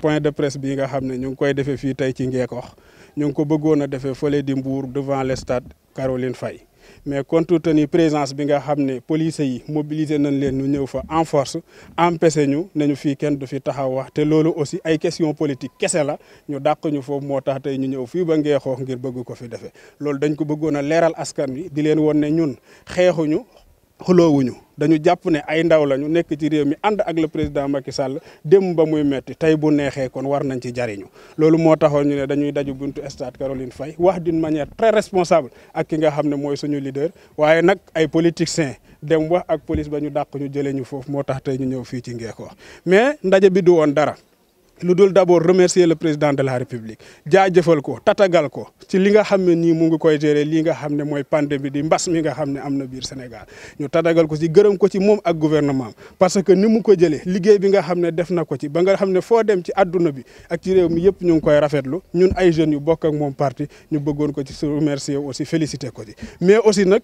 point de presse bi nga xamné ñu ngi koy défé fi tay ci Ngeekoox ñu ngi ko bëggona défé feulé di Mbour devant le stade Caroline Faye mais compte tenu présence bi nga xamné police yi mobiliser nañ leen ñu ñëw fa en force empêché ñu ne fi kenn du fi taxaw wax té loolu aussi ay question politique kese la ñu dàq ñu fo moo tax tey ñu ñëw fi ba Ngeekoox ngir bëgg ko fi défé loolu dañ ko bëggona léral leeral askan wi di leen wonné ñun xéxuñu xuloowuñu dañu jàpp ne ay ndaw ñu nekk ci réew mi ànd ak le président Macky Sall dem ba muy metti tey bu neexee kon war nañ ci jariñu loolu moo taxoon ñu ne dañuy daju buntu stade Caroline fay wax d'une mañeer très responsable ak ki nga xam ne mooy suñu leader waaye nag ay politiciens dem wax ak police ba ñu dàq ñu jëlee ñu foofu moo tax tey ñu ñëw fii ci Ngékoox mais ndaje bi du woon dara. lu dul d' abord remercier le président de la république jaajëfal ko tatagal ko ci li nga xam ne nii mu ngi koy gérer lii nga xam ne mooy bi di mbas mi nga xam ne am na biir Sénégal ñu tatagal ko ci gërëm ko ci moom ak gouvernement parce que ni mu ko jëlee liggéey bi nga xam ne def na ko ci ba nga xam ne foo dem ci àdduna bi ak ci réew mi yëpp ñu ngi koy rafetlu ñun ay jeunes yu bokk ak moom parti ñu bëggoon ko ci su remercier aussi féliciter ko ci mais aussi nag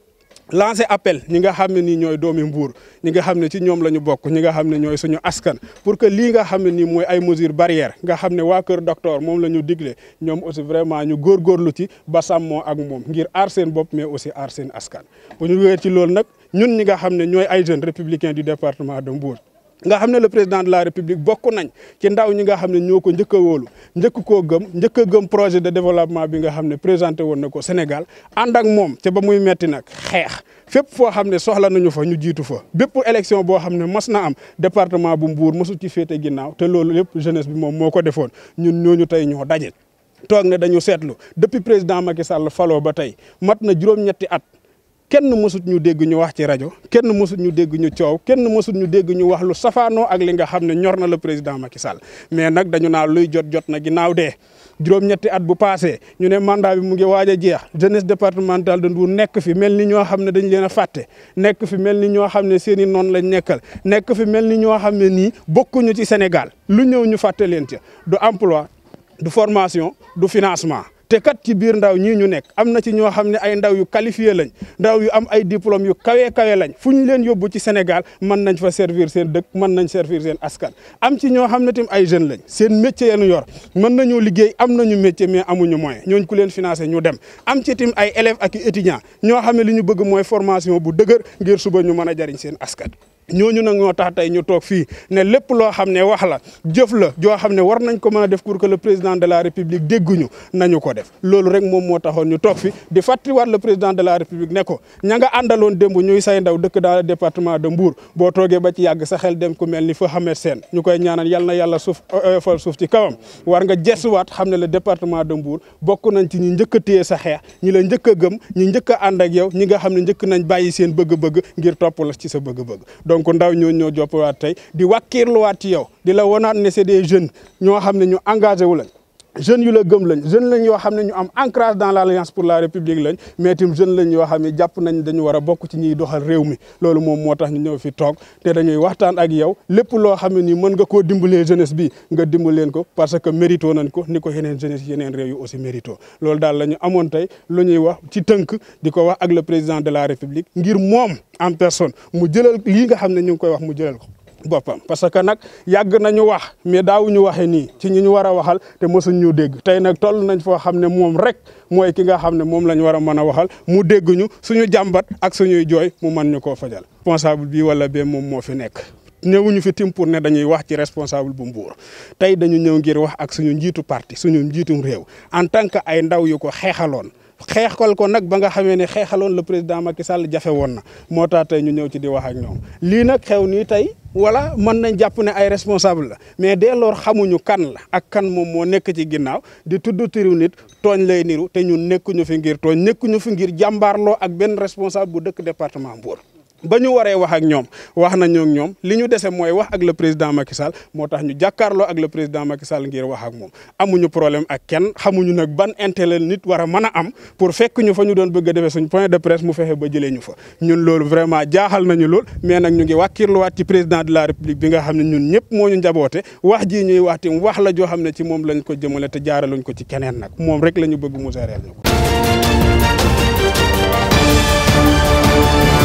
lancer appel ñi nga xam ne nii doomi Mbour ñi nga xam ci ñom lañu ñu bokk ñi nga xam ne suñu askan pour que li nga xamné ne nii ay mesures barrières nga xamné wa keur Docteur mom lañu diglé ñom aussi vraiment ñu gor góorgóorlu ci ba sammo ak mom ngir aar seen bopp mais aussi aar seen askan bu ñu wéer ci loolu nag ñun ñi nga xam ne ay jeunes républicains du département de Mbour nga xam ne le président de la république bokk nañ ci ndaw ñi nga xam ne ñoo ko njëkk woolu wóolu njëkk koo gëm njëkk gëm projet de développement bi nga xam ne présenté woon na ko Sénégal ànd ak moom te ba muy metti nag xeex fépp foo xam ne soxla nañu fa ñu jiitu fa bépp élection boo xam ne mas na am département bu mbuur mosu ci féete ginnaaw te loolu lépp jeunesse bi moom moo ko defoon ñun ñu tey ñoo daje toog ne dañu seetlu depuis président Macky Sall faloo ba tey mat na juróom-ñetti at kenn mësut ñu dégg ñu wax ci rajo kenn mësut ñu dégg ñu coow kenn mësut ñu dégg ñu wax lu safaanoo ak li nga xam ne ñor na le président Macky Sall mais nag dañu naa luy jot jot na ginnaaw dee juróom-ñetti at bu passé ñu ne mandaa bi mu ngi waaj a jeex jeunesse départementale de Ndour nekk fi mel ni ñoo xam ne dañ leen a fàtte nekk fi mel ni ñoo xam ne seen i noonu lañ nekkal nekk fi mel ni ñoo xam ne nii bokkuñu ci Sénégal lu ñëw ñu fàtte leen ca du emploi du formation du financement te kat ci biir ndaw ñii ñu nekk am na ci ñoo xam ne ay ndaw yu qualifier lañ ndaw yu am ay diplôme yu kawee kawe lañ fu ñu leen yóbbu ci Sénégal mën nañ fa servir seen dëkk mën nañ servir seen askan am ci ñoo xam ne tam ay jeunes lañ seen métier yenu yor mën nañoo liggéey am na nañu métier mais amuñu moyen ñooñ ku leen financé ñu dem am ci tim ay élèves ak i ñoo xam ne li ñu bëgg mooy formation bu dëgër ngir suba ñu mën a jariñ seen askan ñooñu nag ñoo tax tey ñu toog fii ne lépp loo xam ne wax la jëf la joo xam ne war nañ ko mën def pour que le président de la république dégguñu nañu ko def loolu rek moom moo taxoon ñu toog fi di fàttaliwaat le président de la république ne ko ña nga àndaloon démb ñuy say ndaw dëkk daal le département de Mbour boo toogee ba ci yàgg sa xel dem ku mel ni fa xamet seen ñu koy ñaanal yal na yàlla suuf fal suuf ci kawam war nga jesuwaat xam ne le département de Mbour bokk nañ ci ñi njëkk a sa xeex ñi la njëkk a gëm ñi njëkk a ànd ak yow ñi nga xam ne njëkk nañ bàyyi seen bëgg-bëgg ngir topp la ci sa bëgg-bëgg donc ndaw ñoo ñoo joppawaat tey di wàkkiirluwaat ci yow di la wanaat ne c'est des jeunes ñoo xam ne ñu engagé wu lañ jeunes yu la gëm lañ jeunes lañ yo xamné ñu am ancrage dans l'alliance pour la république lañ mais tim jeunes lañ yo xam japp nañ dañu wara a ci ñi doxal réew mi loolu mom motax ñu ñëw fi tok té dañuy waxtaan ak yow lépp lo xamné ne nii mën nga koo dimbalee jeunesse bi nga dimbal leen ko parce que mérito nañ ko niko ko jeunesse yeneen réew yu aussi mérito loolu dal lañu amon tay luñuy wax ci teunk diko wax ak le président de la république ngir mom en personne mu jëlal li nga xamné ñu koy wax mu jëlal ko boppam parce que nag yàgg nañu wax mais daawuñu waxe nii ci ñi ñu war a waxal te mosuñ ñu dégg tey nag toll nañ foo xam ne moom rek mooy ki nga xam ne moom la ñu war a mën a waxal mu dégg ñu suñu jàmbat ak suñuy jooy mu mën ñu ko fajal responsable bi wala be moom moo fi nekk ñëwuñu fi tim ne dañuy wax ci responsable bu Mbour tey dañu ñëw ngir wax ak suñu njiitu parti suñu njiitum réew en tant que ay ndaw yu ko xeexaloon xeexal ko nag ba nga xamee ne xeexaloon le président Macky Sall jafe woon na moo tax tey ñu ñëw ci di wax ak ñoom lii wala mën nañ jàpp ne ay responsable la mais dès xamuñu kan la ak kan moom moo nekk ci ginnaaw di tudd turu nit tooñ lay niru te ñun nekkuñu fi ngir tooñ nekkuñu fi ngir jàmbaarloo ak benn responsable bu dëkk département Mbour ba ñu waree wax ak ñoom wax nañoo ak ñoom li ñu dese mooy wax ak le président Macky Sall moo tax ñu jàkkaarloo ak le président Macky Sall ngir wax ak moom amuñu problème ak kenn xamuñu nag ban intérêt nit war a mën a am pour fekk ñu fa ñu doon bëgg a defee suñ point de presse mu fexe ba jëlee ñu fa ñun loolu vraiment jaaxal nañu lool mais nag ñu ngi wàkkirluwaat ci président de la république bi nga xam ne ñun ñëpp moo ñu njaboote wax ji ñuy wax tim wax la joo xam ne ci moom lañ ko jëmale te jaaraluñ ko ci keneen nag moom rek la ñu mu géreel ñu ko